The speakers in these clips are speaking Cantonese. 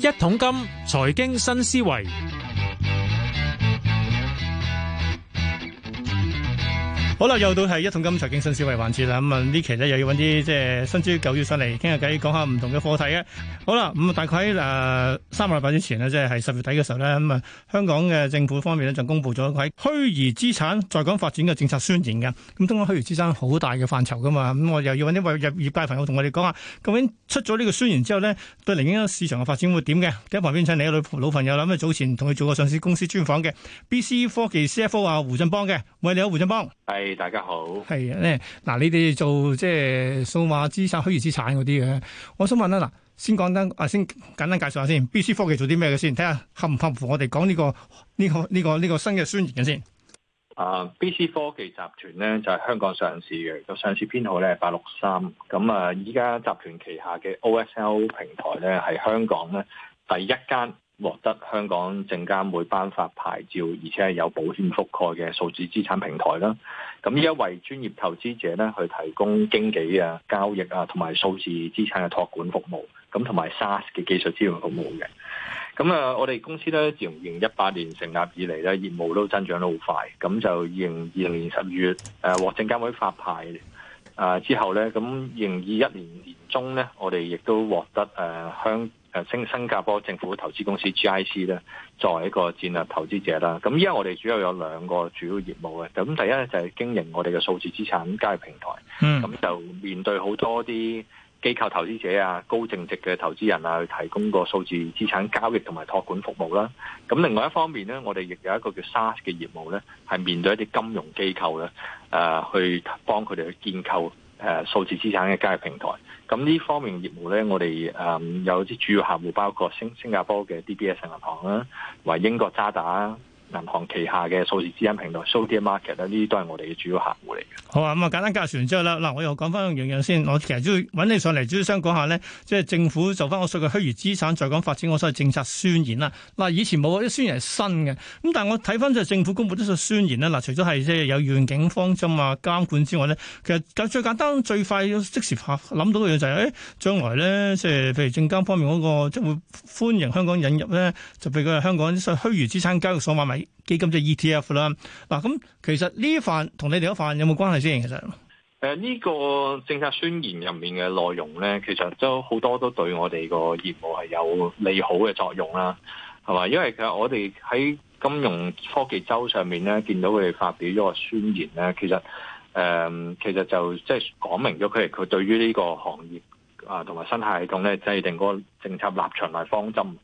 一桶金，財經新思維。好啦，又到係一桶金財經新思維環節啦。咁啊，呢期咧又要揾啲即係新於九月上嚟傾下偈，講下唔同嘅課題嘅。好啦，咁啊，大概喺誒三個禮拜之前呢，即係喺十月底嘅時候咧，咁啊，香港嘅政府方面咧就公布咗一個喺虛擬資產在港發展嘅政策宣言嘅。咁，當然虛擬資產好大嘅範疇噶嘛。咁我又要揾啲位入業界朋友同我哋講下究竟出咗呢個宣言之後咧，對零絞市場嘅發展會點嘅？咁旁邊請你嘅老老朋友，諗下早前同佢做過上市公司專訪嘅 B C 科技 C F O 啊胡振邦嘅，喂，你好，胡振邦。係。Hey. 大家好，係咧嗱，你哋做即係數碼資產、虛擬資產嗰啲嘅，我想問啦，嗱，先講得啊，先簡單介紹下先，BC 科技做啲咩嘅先，睇下合唔合乎我哋講呢個呢、這個呢、這個呢、這個這個新嘅宣言先。啊、uh,，BC 科技集團咧就係、是、香港上市嘅，個上市編號咧係八六三，咁啊，依家集團旗下嘅 OSL 平台咧係香港咧第一間。獲得香港證監會頒發牌照，而且係有保險覆蓋嘅數字資產平台啦。咁而家為專業投資者咧，去提供經紀啊、交易啊，同埋數字資產嘅託管服務，咁同埋 SaaS 嘅技術支援服務嘅。咁啊，我哋公司咧自二零一八年成立以嚟咧，業務都增長得好快。咁就二零二零年十月誒獲、啊、證監會發牌啊之後咧，咁二零二一年年中咧，我哋亦都獲得誒、啊、香。誒，新加坡政府投資公司 GIC 咧，作為一個戰略投資者啦。咁依家我哋主要有兩個主要業務嘅，咁第一咧就係經營我哋嘅數字資產交易平台，咁就、嗯、面對好多啲機構投資者啊、高淨值嘅投資人啊，去提供個數字資產交易同埋託管服務啦。咁另外一方面咧，我哋亦有一個叫 SaaS 嘅業務咧，係面對一啲金融機構咧，誒、呃、去幫佢哋去建構。誒，數、啊、字資產嘅交易平台，咁呢方面業務咧，我哋誒、嗯、有啲主要客戶包括星新,新加坡嘅 DBS 銀行啦、啊，或英國渣打、啊銀行旗下嘅數字資產平台，SoT Market 呢啲都係我哋嘅主要客戶嚟嘅。好啊，咁、嗯、啊簡單介紹完之後啦。嗱，我又講翻樣樣先。我其實都要揾你上嚟，主要想講下呢，即、就、係、是、政府就翻我所嘅虛擬資產，再講發展我所謂政策宣言啦。嗱，以前冇啲宣言係新嘅，咁但係我睇翻就係政府公佈啲嘅宣言咧。嗱，除咗係即係有願景方針啊、監管之外呢，其實最最簡單、最快即時嚇諗到嘅嘢就係、是，誒、欸、將來咧，即係譬如證監方面嗰、那個即會歡迎香港引入呢，就俾佢香港啲虛虛擬資產交易所買基金就 ETF 啦，嗱咁其實呢一範同你哋一範有冇關係先？其實誒呢、呃呢個政策宣言入面嘅內容咧，其實都好多都對我哋個業務係有利好嘅作用啦，係嘛？因為其實我哋喺金融科技周上面咧，見到佢哋發表咗個宣言咧，其實誒、呃、其實就即係講明咗佢哋佢對於呢個行業啊同埋生態系統咧制定嗰個政策立場同埋方針。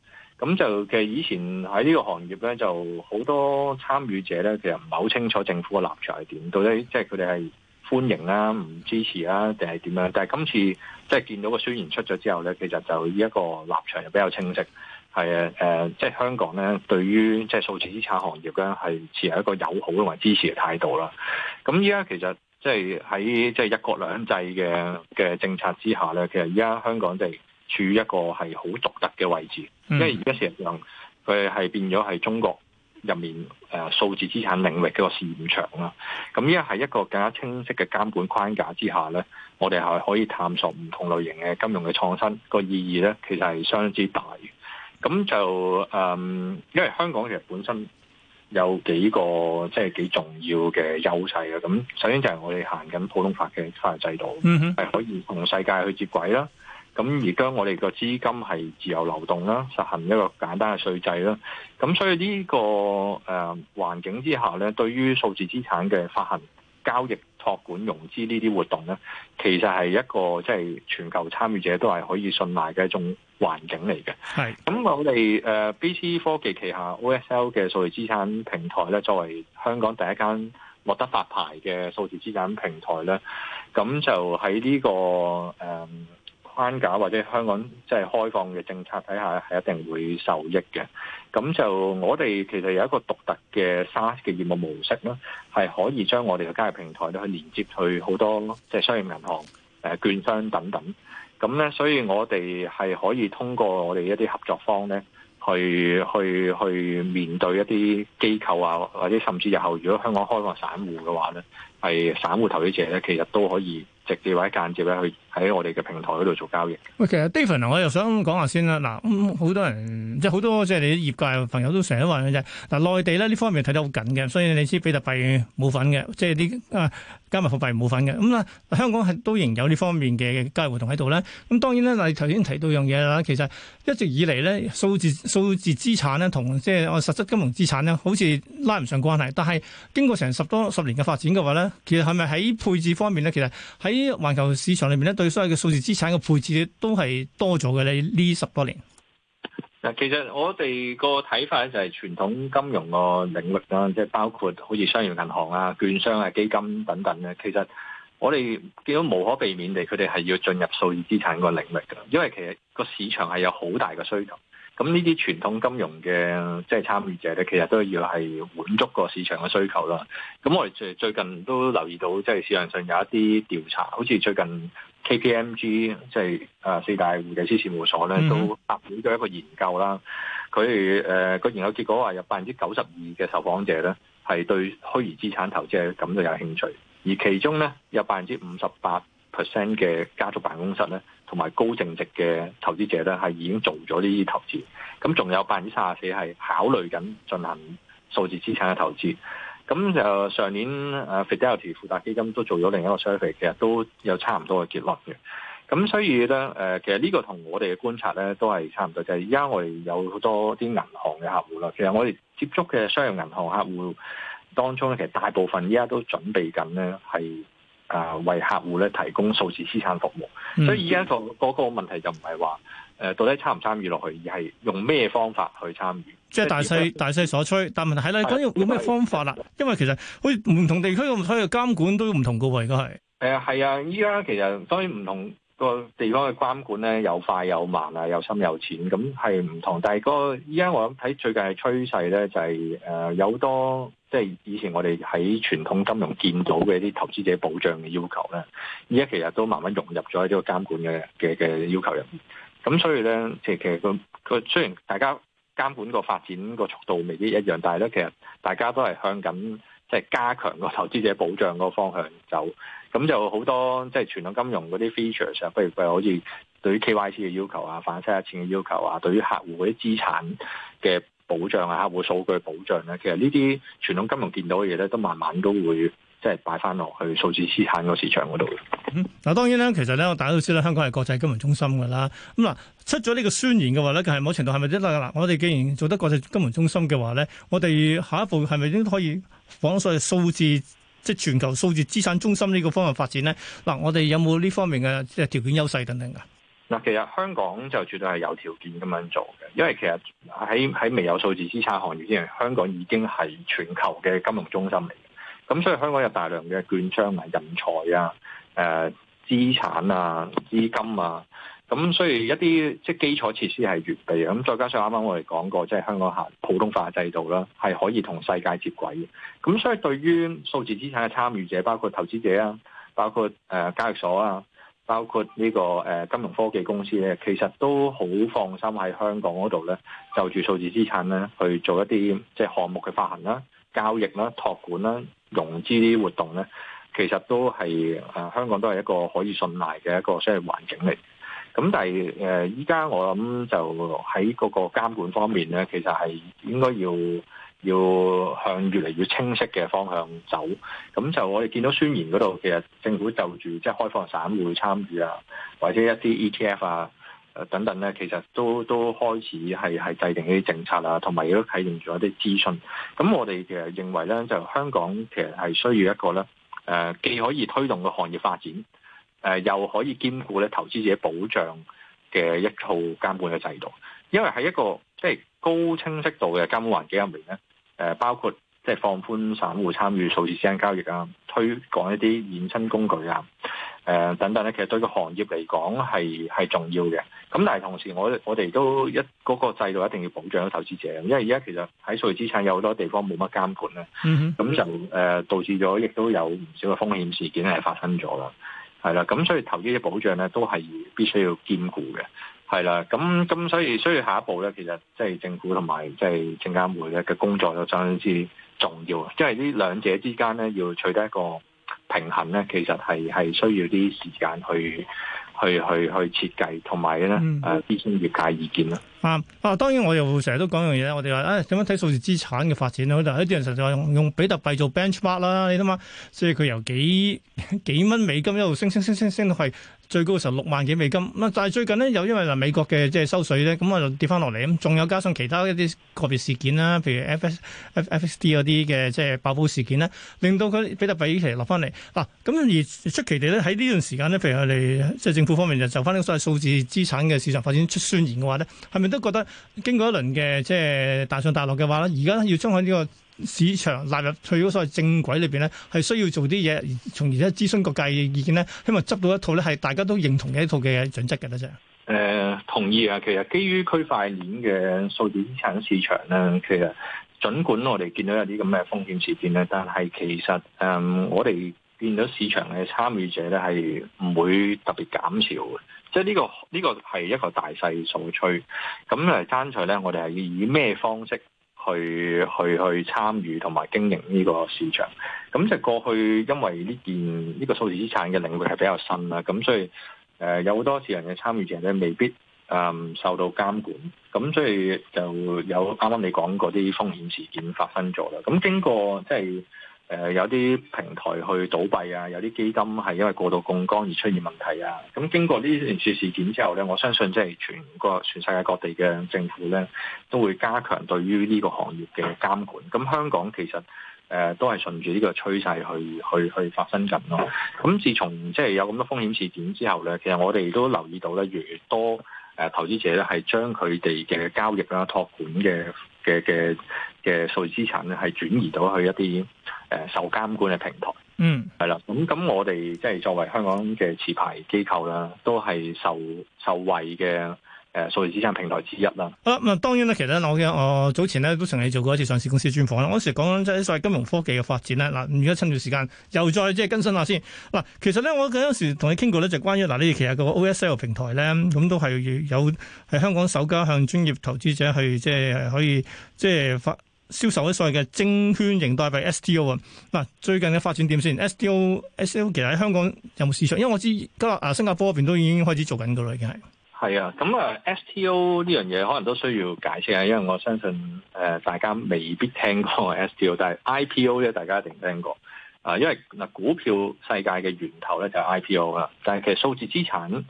咁就嘅以前喺呢個行業咧，就好多參與者咧，其實唔係好清楚政府嘅立場係點，到底即係佢哋係歡迎啦、啊、唔支持啊，定係點樣？但係今次即係、就是、見到個宣言出咗之後咧，其實就依一個立場就比較清晰。係啊，誒、呃，即、就、係、是、香港咧，對於即係、就是、數字資產行業咧，係持有一個友好同埋支持嘅態度啦。咁依家其實即係喺即係一國兩制嘅嘅政策之下咧，其實依家香港即係、就是。處於一個係好獨特嘅位置，因為而家事實上佢係變咗係中國入面誒、呃、數字資產領域嘅個試驗場啦。咁呢家係一個更加清晰嘅監管框架之下咧，我哋係可以探索唔同類型嘅金融嘅創新，那個意義咧，其實係相當之大嘅。咁就誒、嗯，因為香港其實本身有幾個即係、就是、幾重要嘅優勢嘅。咁首先就係我哋行緊普通法嘅法律制度，係、嗯、哼可以同世界去接軌啦。咁而家我哋個資金係自由流動啦，實行一個簡單嘅稅制啦。咁所以呢、這個誒環、呃、境之下咧，對於數字資產嘅發行、交易、託管、融資呢啲活動咧，其實係一個即係、就是、全球參與者都係可以信賴嘅一種環境嚟嘅。係咁是，我哋誒、呃、B C 科技旗下 O S L 嘅數字資產平台咧，作為香港第一間獲得發牌嘅數字資產平台咧，咁就喺呢、這個誒。呃香港或者香港即係開放嘅政策底下，係一定會受益嘅。咁就我哋其實有一個獨特嘅 SaaS 嘅業務模式啦，係可以將我哋嘅交易平台咧去連接去好多即係商業銀行、誒券商等等。咁咧，所以我哋係可以通過我哋一啲合作方咧，去去去面對一啲機構啊，或者甚至日後如果香港開放散戶嘅話咧，係散戶投資者咧，其實都可以。直接或者間接咧，去喺我哋嘅平台嗰度做交易。喂，其實 David 啊，我又想講下先啦。嗱，好多人即係好多即係你啲業界朋友都成日都話嘅就係，嗱內地咧呢方面睇得好緊嘅，所以你知比特幣冇份嘅，即係啲啊加密貨幣冇份嘅。咁、嗯、啦，香港係都仍有呢方面嘅交易活動喺度咧。咁當然啦，你頭先提到樣嘢啦，其實一直以嚟咧數字數字資產咧同即係我實質金融資產咧，好似拉唔上關係。但係經過成十多十年嘅發展嘅話咧，其實係咪喺配置方面咧，其實喺啲環球市場裏面咧，對所有嘅數字資產嘅配置都係多咗嘅咧。呢十多年嗱，其實我哋個睇法咧就係傳統金融個領域啦，即係包括好似商業銀行啊、券商啊、基金等等咧。其實我哋見到無可避免地，佢哋係要進入數字資產個領域噶，因為其實個市場係有好大嘅需求。咁呢啲傳統金融嘅即係參與者咧，其實都要係滿足個市場嘅需求啦。咁我哋最近都留意到，即係市場上有一啲調查，好似最近 KPMG 即係啊四大會計師事務所咧，都發表咗一個研究啦。佢誒個研究結果話，有百分之九十二嘅受訪者咧係對虛擬資產投資者感到有興趣，而其中咧有百分之五十八 percent 嘅家族辦公室咧。同埋高淨值嘅投資者咧，係已經做咗呢啲投資。咁仲有百分之三十四係考慮緊進行數字資產嘅投資。咁就上年誒，Fidelity 富達基金都做咗另一個 survey，其實都有差唔多嘅結論嘅。咁所以咧，誒、呃，其實呢個同我哋嘅觀察咧都係差唔多，就係而家我哋有好多啲銀行嘅客戶啦。其實我哋接觸嘅商業銀行客戶當中咧，其實大部分依家都準備緊咧係。啊，為客戶咧提供數字資產服務，所以依家個嗰個問題就唔係話誒到底參唔參與落去，而係用咩方法去參與，即係大勢為大勢所趨。但問題係咧，咁用用咩方法啦？的因為其實好似唔同地區嘅監管都唔同嘅喎，而家係誒係啊！依家、呃、其實所以唔同。個地方嘅監管咧，又快又慢啊，又深又淺，咁係唔同。但係嗰依家我諗睇最近嘅趨勢咧，就係、是、誒、呃、有多即係、就是、以前我哋喺傳統金融見到嘅一啲投資者保障嘅要求咧，依家其實都慢慢融入咗喺呢個監管嘅嘅嘅要求入面。咁所以咧，其實其實佢佢雖然大家監管個發展個速度未必一樣，但係咧其實大家都係向緊。即係加強個投資者保障個方向走，咁就好多即係傳統金融嗰啲 features 啊，譬如好似對於 KYC 嘅要求啊、反洗黑錢嘅要求啊，對於客戶嗰啲資產嘅保障啊、客戶數據保障咧，其實呢啲傳統金融見到嘅嘢咧，都慢慢都會即係擺翻落去數字資產個市場嗰度嗱，當然啦，其實咧，我大家都知咧，香港係國際金融中心㗎啦。咁、嗯、嗱，出咗呢個宣言嘅話咧，就係、是、某程度係咪真係㗎啦？我哋既然做得國際金融中心嘅話咧，我哋下一步係咪應該可以？講到數字即係全球數字資產中心呢個方向發展咧，嗱我哋有冇呢方面嘅即係條件優勢等等噶？嗱，其實香港就絕對係有條件咁樣做嘅，因為其實喺喺未有數字資產行業之前，香港已經係全球嘅金融中心嚟嘅。咁所以香港有大量嘅券商啊、人才啊、誒資產啊、資金啊。咁所以一啲即、就是、基礎設施係完備嘅，咁再加上啱啱我哋講過，即、就、係、是、香港行普通法制度啦，係可以同世界接軌嘅。咁所以對於數字資產嘅參與者，包括投資者啊，包括誒、呃、交易所啊，包括呢、這個誒、呃、金融科技公司咧、啊，其實都好放心喺香港嗰度咧，就住數字資產咧去做一啲即係項目嘅發行啦、啊、交易啦、啊、託管啦、融資啲活動咧，其實都係誒、呃、香港都係一個可以信賴嘅一個商業環境嚟。咁但係誒，依、呃、家我諗就喺嗰個監管方面咧，其實係應該要要向越嚟越清晰嘅方向走。咁就我哋見到宣言嗰度，其實政府就住即係開放散戶參與啊，或者一啲 ETF 啊、誒、呃、等等咧，其實都都開始係係制定一啲政策啊，同埋亦都啟動咗一啲諮詢。咁我哋其實認為咧，就香港其實係需要一個咧，誒、呃、既可以推動個行業發展。誒、呃，又可以兼顧咧投資者保障嘅一套監管嘅制度，因為喺一個即係高清晰度嘅監管環境入面咧，誒、呃、包括即係放寬散戶參與數字資產交易啊，推廣一啲衍生工具啊，誒、呃、等等咧，其實對個行業嚟講係係重要嘅。咁但係同時，我我哋都一嗰、那個制度一定要保障到投資者，因為而家其實喺數字資產有好多地方冇乜監管咧，咁、嗯、哼就誒、呃、導致咗亦都有唔少嘅風險事件係發生咗啦。係啦，咁所以投資嘅保障咧，都係必須要兼顧嘅。係啦，咁咁所以，所以下一步咧，其實即係政府同埋即係證監會嘅嘅工作，都相當之重要。即係呢兩者之間咧，要取得一個平衡咧，其實係係需要啲時間去去去去設計，同埋咧誒諮詢業界意見啦。啊！啊，當然我又成日都講樣嘢咧，我哋話誒點樣睇數字資產嘅發展咧？我就有啲人實在用用比特幣做 bench mark 啦，你諗下，所以佢由幾幾蚊美金一路升升升升升，升到係最高嘅時候六萬幾美金。咁但係最近呢，又因為嗱美國嘅即係收稅咧，咁啊就跌翻落嚟咁。仲有加上其他一啲個別事件啦，譬如 F F F S D 嗰啲嘅即係爆煲事件呢，令到佢比特幣依期落翻嚟嗱。咁、啊、而出奇地咧，喺呢段時間呢，譬如佢哋即係政府方面就就翻呢個所謂數字資產嘅市場發展出宣言嘅話咧，係咪？都覺得經過一輪嘅即係大上大落嘅話咧，而家要將喺呢個市場納入去咗所謂正軌裏邊咧，係需要做啲嘢，從而咧諮詢各界嘅意見咧，希望執到一套咧係大家都認同嘅一套嘅準則嘅咧，就誒、呃、同意啊！其實基於區塊鏈嘅數字資產市場咧，其實儘管我哋見到有啲咁嘅風險事件咧，但係其實誒、呃、我哋見到市場嘅參與者咧係唔會特別減少嘅。即係呢個呢、這個係一個大勢所趨，咁嚟爭取咧，我哋係以咩方式去去去參與同埋經營呢個市場？咁即係過去因為呢件呢、這個數字資產嘅領域係比較新啦，咁所以誒、呃、有好多持有人嘅參與者咧，未必誒、呃、受到監管，咁所以就有啱啱你講嗰啲風險事件發生咗啦。咁經過即係。誒、呃、有啲平台去倒閉啊，有啲基金係因為過度槓桿而出現問題啊。咁經過呢連串事件之後咧，我相信即係全國全世界各地嘅政府咧，都會加強對於呢個行業嘅監管。咁香港其實誒、呃、都係順住呢個趨勢去去去，去發生緊咯。咁自從即係有咁多風險事件之後咧，其實我哋都留意到咧，越多誒、呃、投資者咧係將佢哋嘅交易啦、託管嘅嘅嘅嘅數字資產咧，係轉移到去一啲，誒受監管嘅平台，嗯，係啦，咁咁我哋即係作為香港嘅持牌機構啦，都係受受惠嘅誒、呃、數字資產平台之一啦。啊、嗯，咁當然啦，其實我我早前咧都曾經做過一次上市公司專訪啦。我嗰時講緊即係所謂金融科技嘅發展咧。嗱，而家趁住時間又再即係更新下先。嗱，其實咧我嗰陣時同你傾過咧，就關於嗱呢啲其實個 O S L 平台咧，咁都係有喺香港首家向專業投資者去即係可以即係發。銷售啲所謂嘅證券型代幣 STO 啊！嗱，最近嘅發展點先？STO、STO ST 其實喺香港有冇市場？因為我知今日啊新加坡嗰邊都已經開始做緊㗎喇，已經係。係啊，咁啊 STO 呢樣嘢可能都需要解釋啊，因為我相信誒大家未必聽過 STO，但係 IPO 咧大家一定聽過啊，因為嗱股票世界嘅源頭咧就係 IPO 啦，但係其實數字資產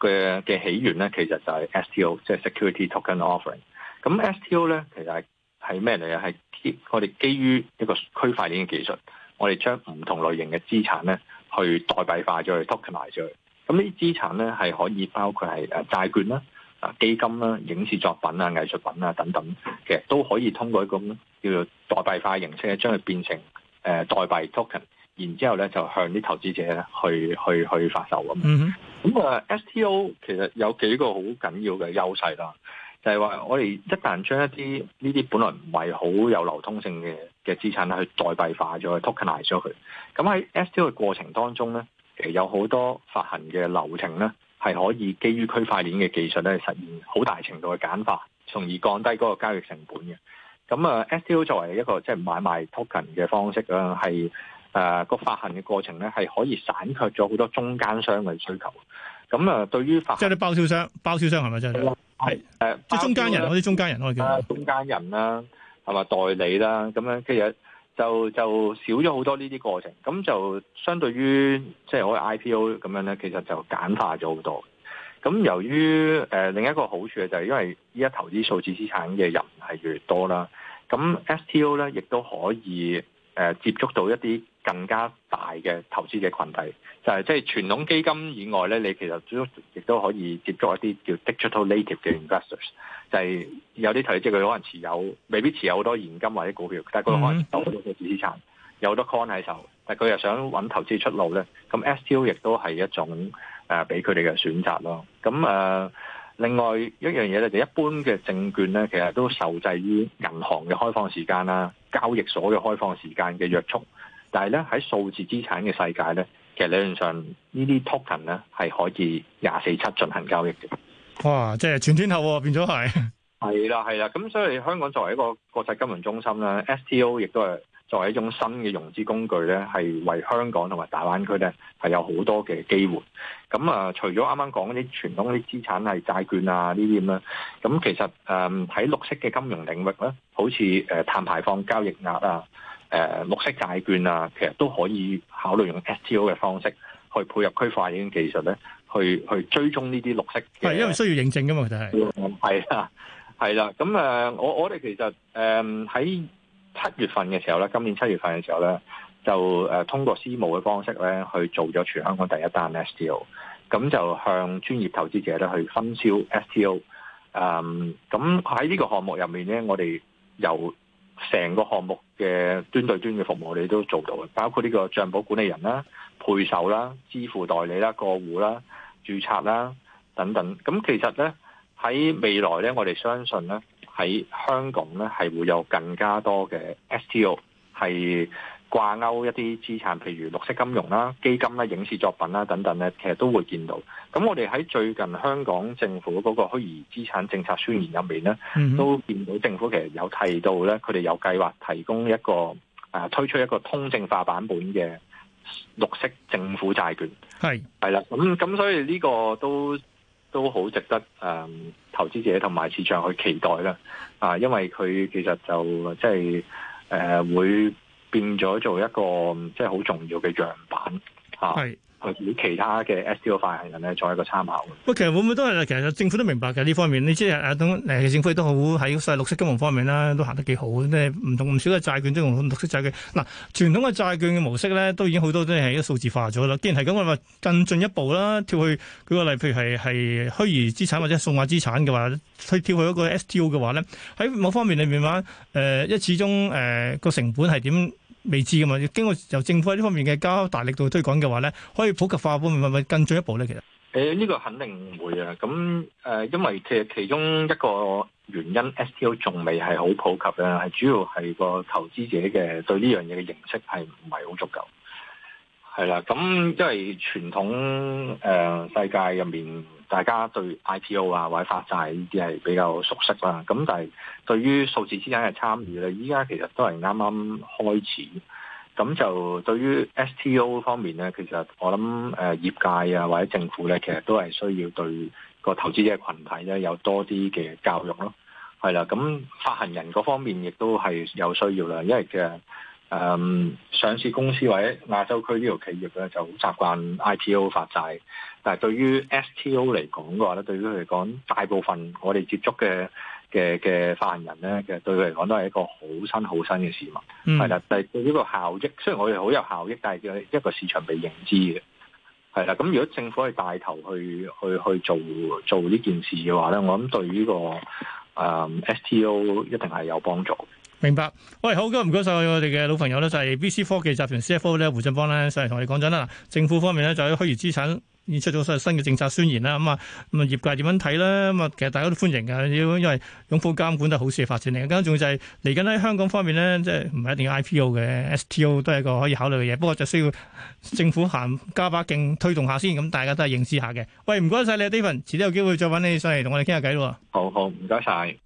嘅嘅起源咧其實就係 STO，即係 security token offering。咁 STO 咧其實係。係咩嚟啊？係我哋基於一個區塊鏈嘅技術，我哋將唔同類型嘅資產咧，去代幣化咗去 tokenize 咗。咁呢啲資產咧，係可以包括係誒債券啦、啊基金啦、影視作品啊、藝術品啊等等，其實都可以通過一個叫做代幣化形式，將佢變成誒代幣 token，然之後咧就向啲投資者咧去去去發售咁。咁啊，STO 其實有幾個好緊要嘅優勢啦。就係話，我哋一旦將一啲呢啲本來唔係好有流通性嘅嘅資產去代幣化咗，去 tokenize 咗佢。咁喺 STO 嘅過程當中咧，其實有好多發行嘅流程咧，係可以基於區塊鏈嘅技術咧，實現好大程度嘅簡化，從而降低嗰個交易成本嘅。咁啊，STO 作為一個即係買賣 token 嘅方式啦，係誒個發行嘅過程咧，係可以散卻咗好多中間商嘅需求。咁啊，對於即係啲包銷商，包銷商係咪真係？係誒，即係中間人嗰啲中間人咯，中間人啦，係咪 代理啦，咁樣其實就就少咗好多呢啲過程，咁就相對於即係我嘅 IPO 咁樣咧，其實就簡化咗好多。咁由於誒、呃、另一個好處嘅就係因為依家投資數字資產嘅人係越多啦，咁 STO 咧亦都可以誒、呃、接觸到一啲。更加大嘅投資嘅群體，就係即係傳統基金以外咧，你其實都亦都可以接觸一啲叫 digital native 嘅 investors，就係有啲投資者佢可能持有未必持有好多現金或者股票，但佢可能有好多嘅資，資產，有好多 coin 喺手，但佢又想揾投資出路咧，咁 STO 亦都係一種誒俾佢哋嘅選擇咯。咁誒、呃、另外一樣嘢咧，就係，一般嘅證券咧，其實都受制於銀行嘅開放時間啦、交易所嘅開放時間嘅約束。但係咧，喺數字資產嘅世界咧，其實理論上呢啲 token 咧係可以廿四七進行交易嘅。哇！即係全天候、啊、變咗係係啦係啦，咁 所以香港作為一個國際金融中心咧，STO 亦都係作為一種新嘅融資工具咧，係為香港同埋大灣區咧係有好多嘅機會。咁啊，除咗啱啱講嗰啲傳統啲資產係債券啊呢啲咁啦，咁其實誒喺、嗯、綠色嘅金融領域咧，好似誒碳排放交易額啊。誒、呃、綠色債券啊，其實都可以考慮用 STO 嘅方式去配合區塊鏈技術咧，去去追蹤呢啲綠色。係因為需要認證噶嘛，就係係啦，係啦。咁誒，我我哋其實誒喺七月份嘅時候咧，今年七月份嘅時候咧，就誒通過私募嘅方式咧去做咗全香港第一單 STO，咁就向專業投資者咧去分銷 STO。嗯，咁喺呢個項目入面咧，我哋有成個項目嘅端對端嘅服務，你都做到嘅，包括呢個帳簿管理人啦、配售啦、支付代理啦、過戶啦、註冊啦等等。咁其實呢，喺未來呢，我哋相信呢，喺香港呢，係會有更加多嘅 STO 係，掛鈎一啲資產，譬如綠色金融啦、基金啦、影視作品啦等等咧，其實都會見到。咁我哋喺最近香港政府嗰個虛擬資產政策宣言入面咧，mm hmm. 都見到政府其實有提到咧，佢哋有計劃提供一個啊推出一個通證化版本嘅綠色政府債券。係係啦，咁、hmm. 咁所以呢個都都好值得誒、嗯、投資者同埋市場去期待啦。啊，因為佢其實就即係誒會。變咗做一個即係好重要嘅樣板吓，去畀其他嘅 STO 發行人咧，作一個參考。喂，其實會唔會都係？其實政府都明白嘅呢方面。你即係誒，等誒政府亦都好喺細綠色金融方面啦，都行得幾好。即係唔同唔少嘅債券即用綠色債券。嗱，傳統嘅債券嘅模式咧，都已經好多都係一個數字化咗啦。既然係咁，我話更進一步啦，跳去舉個例，譬如係係虛擬資產或者數碼資產嘅話，去跳去一個 STO 嘅話咧，喺某方面裏面話誒，一始終誒個成本係點？未知噶嘛？經過由政府喺呢方面嘅加大力度推廣嘅話咧，可以普及化會唔會更進一步咧？其實誒，呢、呃這個肯定會啊。咁誒、呃，因為其實其中一個原因，STO 仲未係好普及嘅，係主要係個投資者嘅對呢樣嘢嘅認識係唔係好足夠。係啦，咁因為傳統誒、呃、世界入面。大家對 IPO 啊或者發債呢啲係比較熟悉啦，咁但係對於數字資產嘅參與咧，依家其實都係啱啱開始。咁就對於 STO 方面咧，其實我諗誒、呃、業界啊或者政府咧，其實都係需要對個投資者群體咧有多啲嘅教育咯，係啦。咁發行人嗰方面亦都係有需要啦，因為其實。誒、um, 上市公司或者亞洲區呢個企業咧就好習慣 IPO、發債，但係對於 S T O 嚟講嘅話咧，對於佢嚟講，大部分我哋接觸嘅嘅嘅發行人咧，其實對佢嚟講都係一個好新好新嘅事物，係啦、嗯。但係對呢個效益雖然我哋好有效益，但係嘅一個市場被認知嘅，係啦。咁如果政府係帶頭去去去做做呢件事嘅話咧，我諗對呢、這個誒、嗯、S T O 一定係有幫助。明白，喂，好，唔該晒我哋嘅老朋友咧，就係 BC 科技集團 CFO 咧，胡振邦咧，上嚟同你講真啦。政府方面咧，就喺虛擬資產，已出咗新嘅政策宣言啦。咁啊，咁啊，業界點樣睇咧？咁啊，其實大家都歡迎嘅，因為擁抱監管都係好事嘅發展嚟。而家仲就係嚟緊喺香港方面咧，即係唔係一定要 IPO 嘅 STO 都係一個可以考慮嘅嘢。不過就需要政府行加把勁推動下先，咁大家都係認知下嘅。喂，唔該晒你 David 遲啲有機會再揾你上嚟同我哋傾下偈咯。好好，唔該晒。